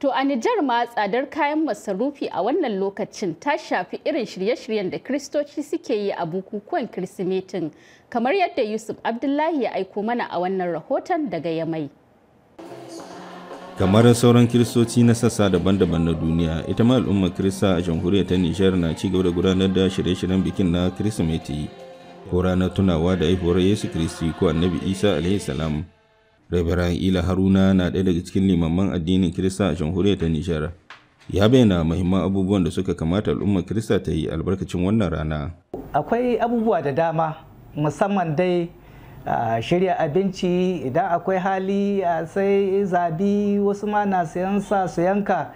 To a Nijar ma tsadar kayan masarufi a wannan lokacin ta shafi irin shirye-shiryen da Kiristoci suke yi a bukukuwan Kirsimetin, kamar yadda Yusuf Abdullahi ya aiko mana a wannan rahoton daga Yamai. kamar sauran kiristoci na sassa daban-daban na duniya ita ma al'ummar kirista a jamhuriyar ta nijar na ci gaba da gudanar da shirye-shiryen bikin na kirsimeti ko ranar tunawa da haihuwar yesu kiristi ko annabi isa alaihi salam Rabiran Ila Haruna na ɗaya daga cikin limaman addinin Kirista a jamhuriyar ta Nijar. Ya bayyana muhimman abubuwan da suka kamata al'ummar Kirista ta yi albarkacin wannan rana. Akwai abubuwa da dama musamman dai a shirya abinci idan akwai hali sai zabi wasu ma na sayan sa su yanka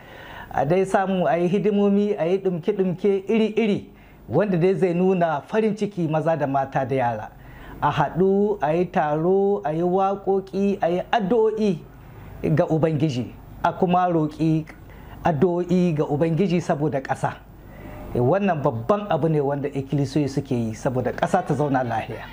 a dai samu a yi hidimomi a yi dumke-dumke iri-iri wanda dai zai nuna farin ciki maza da mata da yara a haɗu a yi taro a yi waƙoƙi a yi addu'o'i ga ubangiji a kuma roƙi addu'o'i ga ubangiji saboda ƙasa eh, wannan babban abu ne wanda ikilisiyu suke yi saboda ƙasa ta zauna lahiya.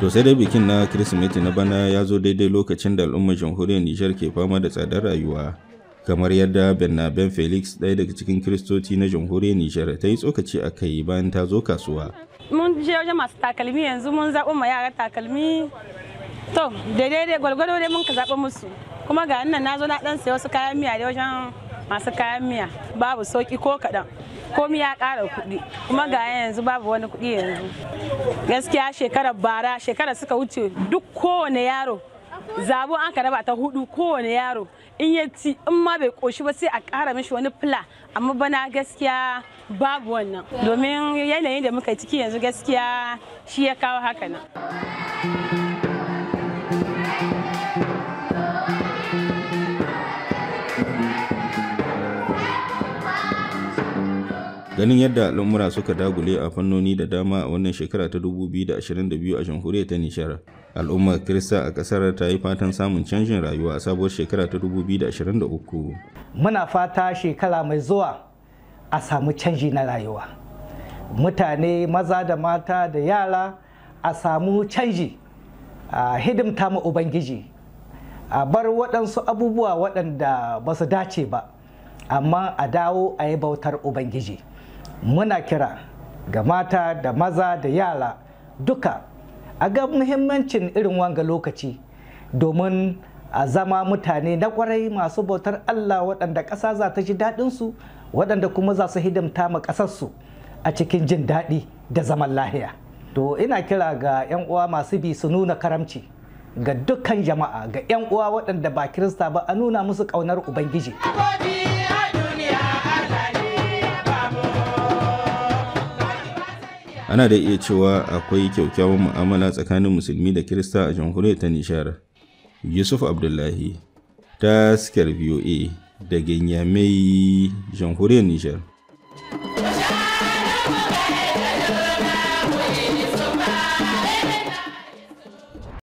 To sai dai bikin na Kirsimeti na bana ya zo daidai lokacin da al'ummar jamhuriyar Nijar ke fama da tsadar rayuwa. Kamar yadda ben Felix ɗaya daga cikin Kiristoci na jamhuriyar Nijar ta yi tsokaci a kai bayan ta zo kasuwa. Mun je wajen masu takalmi yanzu mun zaɓi ma yara takalmi. To daidai dai gwalgwado dai mun ka zaɓi musu. Kuma ga nan na zo na ɗan sayi wasu kayan miya da wajen masu kayan miya babu sauki ko kaɗan komi ya ƙara kuɗi kuma ga yanzu babu wani kuɗi yanzu gaskiya shekarar bara shekarar suka wuce duk kowane yaro zabo an ka raba ta hudu kowane yaro in ya ci in ma bai koshi ba sai a ƙara mishi wani fula amma bana gaskiya babu wannan domin yanayin da muka ciki yanzu gaskiya shi ya kawo haka nan Ganin yadda al'umura suka dagule a fannoni da dama a wannan shekara ta 2022 a jamhuriyar ta Nishar, al'ummar Kirista a ƙasar ta yi fatan samun canjin rayuwa a sabuwar shekara ta 2023. Muna fata shekara mai zuwa a samu canji na rayuwa. Mutane maza da mata da yara a samu canji a hidimta ma Ubangiji a bar waɗansu abubuwa waɗanda ba su dace ba amma a dawo a yi bautar Ubangiji. muna kira ga mata da maza da yara duka a ga muhimmancin irin wanga lokaci domin a zama mutane na kwarai masu bautar Allah waɗanda ƙasa za ta ji daɗinsu waɗanda kuma za su hidimta ma ƙasarsu a cikin jin daɗi da zaman lahiya. To ina kira ga 'yan uwa masu bi su nuna karamci ga dukkan jama'a ga 'yan uwa waɗanda ba Kirista ba a nuna musu ƙaunar Ubangiji. ana da iya cewa akwai kyaukyawan mu'amala tsakanin musulmi da kirista a jamhuriyar ta nishar yusuf abdullahi taskar voa da nyamai jamhuriyar nishar